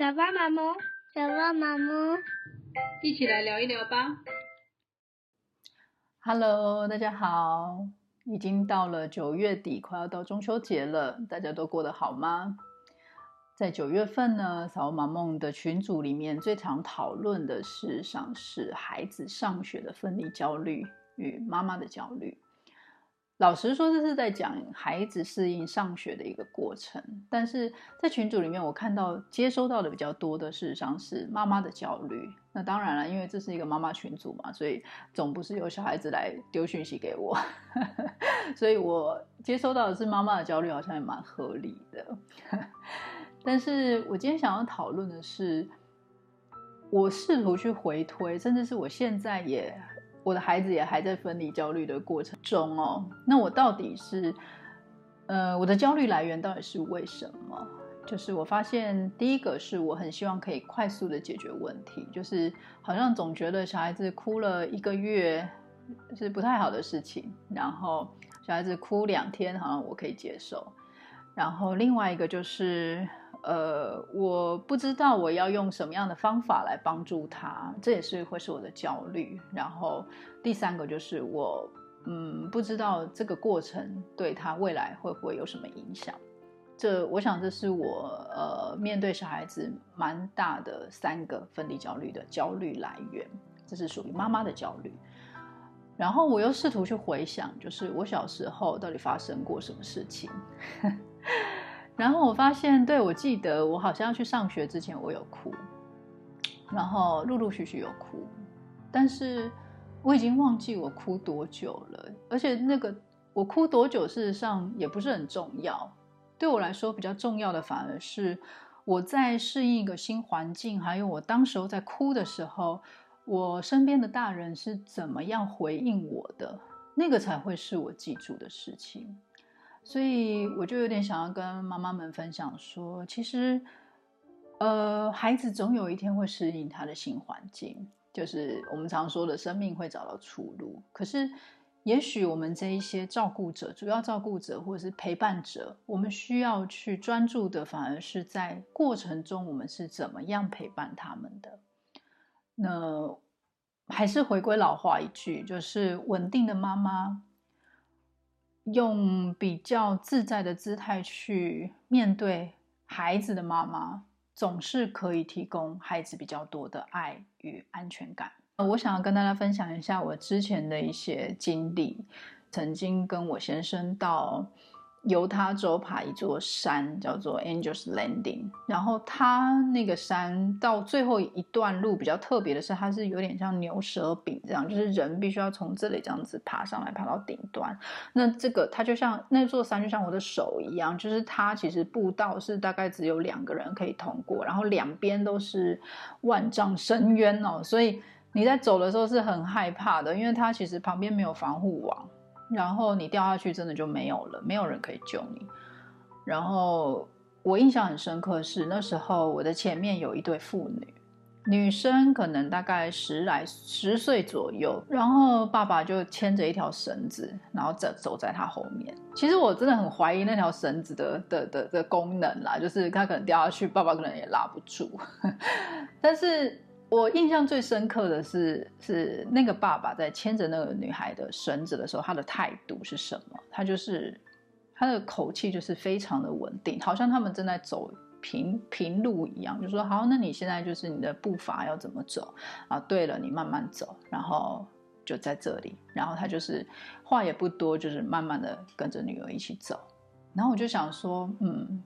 撒哇瑪矇，撒哇瑪矇，媽媽媽媽一起來聊一聊吧。Hello，大家好，已經到了九月底，快要到中秋節了，大家都過得好嗎？在九月份呢，撒哇瑪矇的群組裡面最常討論的事項是孩子上學的分離焦慮與媽媽的焦慮。老實說，這是在講孩子適應上學的一個過程。但是在群組裡面，我看到接收到的比較多的，事實上是媽媽的焦慮。那當然了，因為這是一個媽媽群組嘛，所以總不是由小孩子來丟訊息給我， 所以我接收到的是媽媽的焦慮，好像也蠻合理的。 但是我今天想要討論的是，我試圖去回推，甚至是我現在也。我的孩子也還在分離焦慮的過程中哦，那我到底是，呃，我的焦慮來源到底是為什麼？就是我發現第一個是我很希望可以快速的解決問題，就是好像總覺得小孩子哭了一個月是不太好的事情，然後小孩子哭兩天好像我可以接受，然後另外一個就是。呃，我不知道我要用什麼樣的方法來幫助他，這也是會是我的焦慮。然後第三個就是我，嗯，不知道這個過程對他未來會不會有什麼影響。這，我想這是我，呃，面對小孩子蠻大的三個分離焦慮的焦慮來源，這是屬於媽媽的焦慮。然後我又試圖去回想，就是我小時候到底發生過什麼事情。 然後我發現，對，我記得，我好像要去上學之前我有哭，然後陸陸續續有哭，但是我已經忘記我哭多久了。而且那個我哭多久，事實上也不是很重要。對我來說，比較重要的反而是我在適應一個新環境，還有我當時候在哭的時候，我身邊的大人是怎麼樣回應我的，那個才會是我記住的事情。所以我就有點想要跟媽媽們分享說，其實，呃，孩子總有一天會適應他的新環境，就是我們常說的生命會找到出路。可是，也許我們這一些照顧者、主要照顧者或是陪伴者，我們需要去專注的，反而是在過程中我們是怎麼樣陪伴他們的。那還是回歸老話一句，就是穩定的媽媽。用比較自在的姿態去面對孩子的媽媽，總是可以提供孩子比較多的愛與安全感。呃，我想要跟大家分享一下我之前的一些經歷，曾經跟我先生到猶他州爬一座山，叫做 Angels Landing。然後他那個山到最後一段路比較特別的是，它是有點像牛舌餅這樣，就是人必須要從這裡這樣子爬上來，爬到頂端。那這個它就像那座山，就像我的手一樣，就是它其實步道是大概只有兩個人可以通過，然後兩邊都是萬丈深淵哦，所以你在走的時候是很害怕的，因為它其實旁邊沒有防護網。然後你掉下去，真的就沒有了，沒有人可以救你。然後我印象很深刻是，那時候我的前面有一對父女，女生可能大概十來十歲左右，然後爸爸就牽着一條繩子，然後走走在他後面。其實我真的很懷疑那條繩子的的的的功能啦，就是他可能掉下去，爸爸可能也拉不住。 但是。我印象最深刻的是，是那個爸爸在牽着那個女孩的繩子的時候，他的態度是什麼？他就是，他的口氣就是非常的穩定，好像他們正在走平平路一樣，就說好，那你現在就是你的步伐要怎麼走啊？對了，你慢慢走，然後就在這裡，然後他就是話也不多，就是慢慢的跟着女兒一起走，然後我就想說，嗯。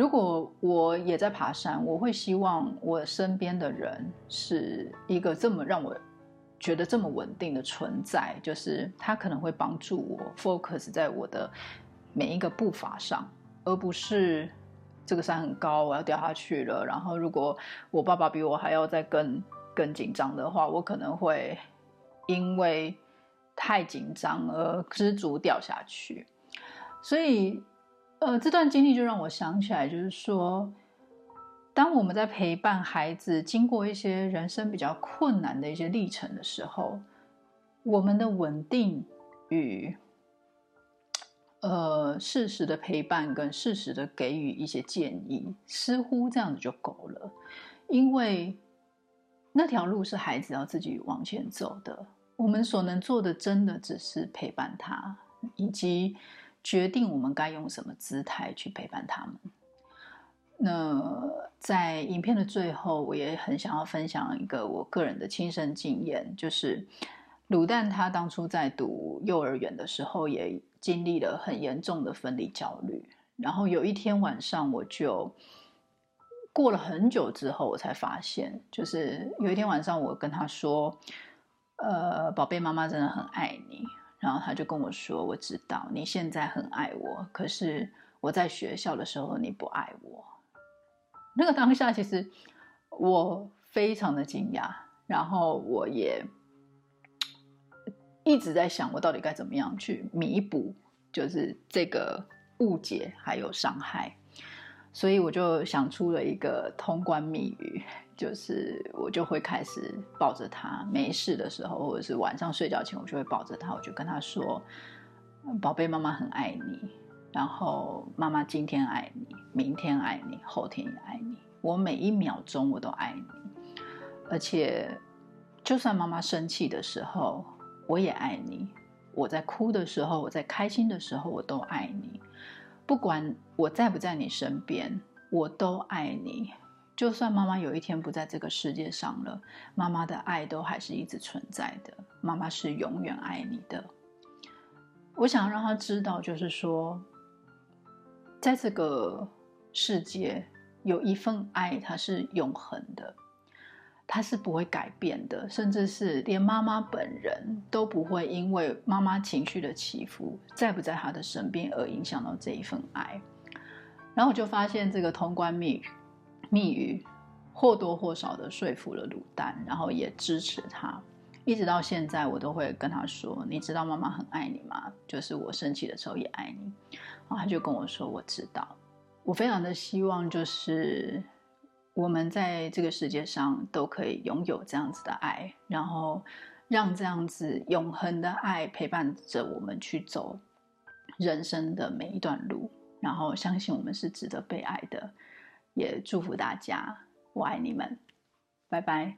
如果我也在爬山，我會希望我身邊的人是一個這麼讓我覺得這麼穩定的存在，就是他可能會幫助我 focus 在我的每一個步伐上，而不是這個山很高，我要掉下去了。然後，如果我爸爸比我還要再更更緊張的話，我可能會因為太緊張而失足掉下去。所以。呃，這段經歷就讓我想起來，就是說，當我們在陪伴孩子經過一些人生比較困難的一些歷程的時候，我們的穩定與呃適時的陪伴跟適時的給予一些建議，似乎這樣子就夠了，因為那條路是孩子要自己往前走的，我們所能做的真的只是陪伴他以及。決定我們該用什麼姿態去陪伴他們。那在影片的最後，我也很想要分享一個我個人的親身經驗，就是滷蛋他當初在讀幼兒園的時候，也經歷了很嚴重的分離焦慮。然後有一天晚上，我就過了很久之後，我才發現，就是有一天晚上，我跟他說：“呃，寶貝，媽媽真的很愛你。”然後他就跟我說：“我知道你現在很愛我，可是我在學校的時候你不愛我。”那個當下，其實我非常的驚訝，然後我也一直在想，我到底該怎麼樣去彌補，就是這個誤解還有傷害。所以我就想出了一個通關密語，就是我就會開始抱着他，沒事的時候，或者是晚上睡覺前，我就會抱着他，我就跟他說：“寶貝，媽媽很愛你。然後媽媽今天愛你，明天愛你，後天也愛你。我每一秒鐘我都愛你。而且，就算媽媽生氣的時候，我也愛你。我在哭的時候，我在開心的時候，我都愛你。”不管我在不在你身邊，我都愛你。就算媽媽有一天不在這個世界上了，媽媽的愛都還是一直存在的。媽媽是永遠愛你的。我想要讓他知道，就是說，在這個世界有一份愛，它是永恆的。他是不會改變的，甚至是連媽媽本人都不會因為媽媽情緒的起伏在不在他的身邊而影響到這一份愛。然後我就發現這個通關密語，密語或多或少的說服了鹵丹，然後也支持他。一直到現在，我都會跟他說：“你知道媽媽很愛你嗎？”就是我生氣的時候也愛你。然後他就跟我說：“我知道。”我非常的希望就是。我們在這個世界上都可以擁有這樣子的愛，然後讓這樣子永恆的愛陪伴着我們去走人生的每一段路，然後相信我們是值得被愛的，也祝福大家，我愛你們，拜拜。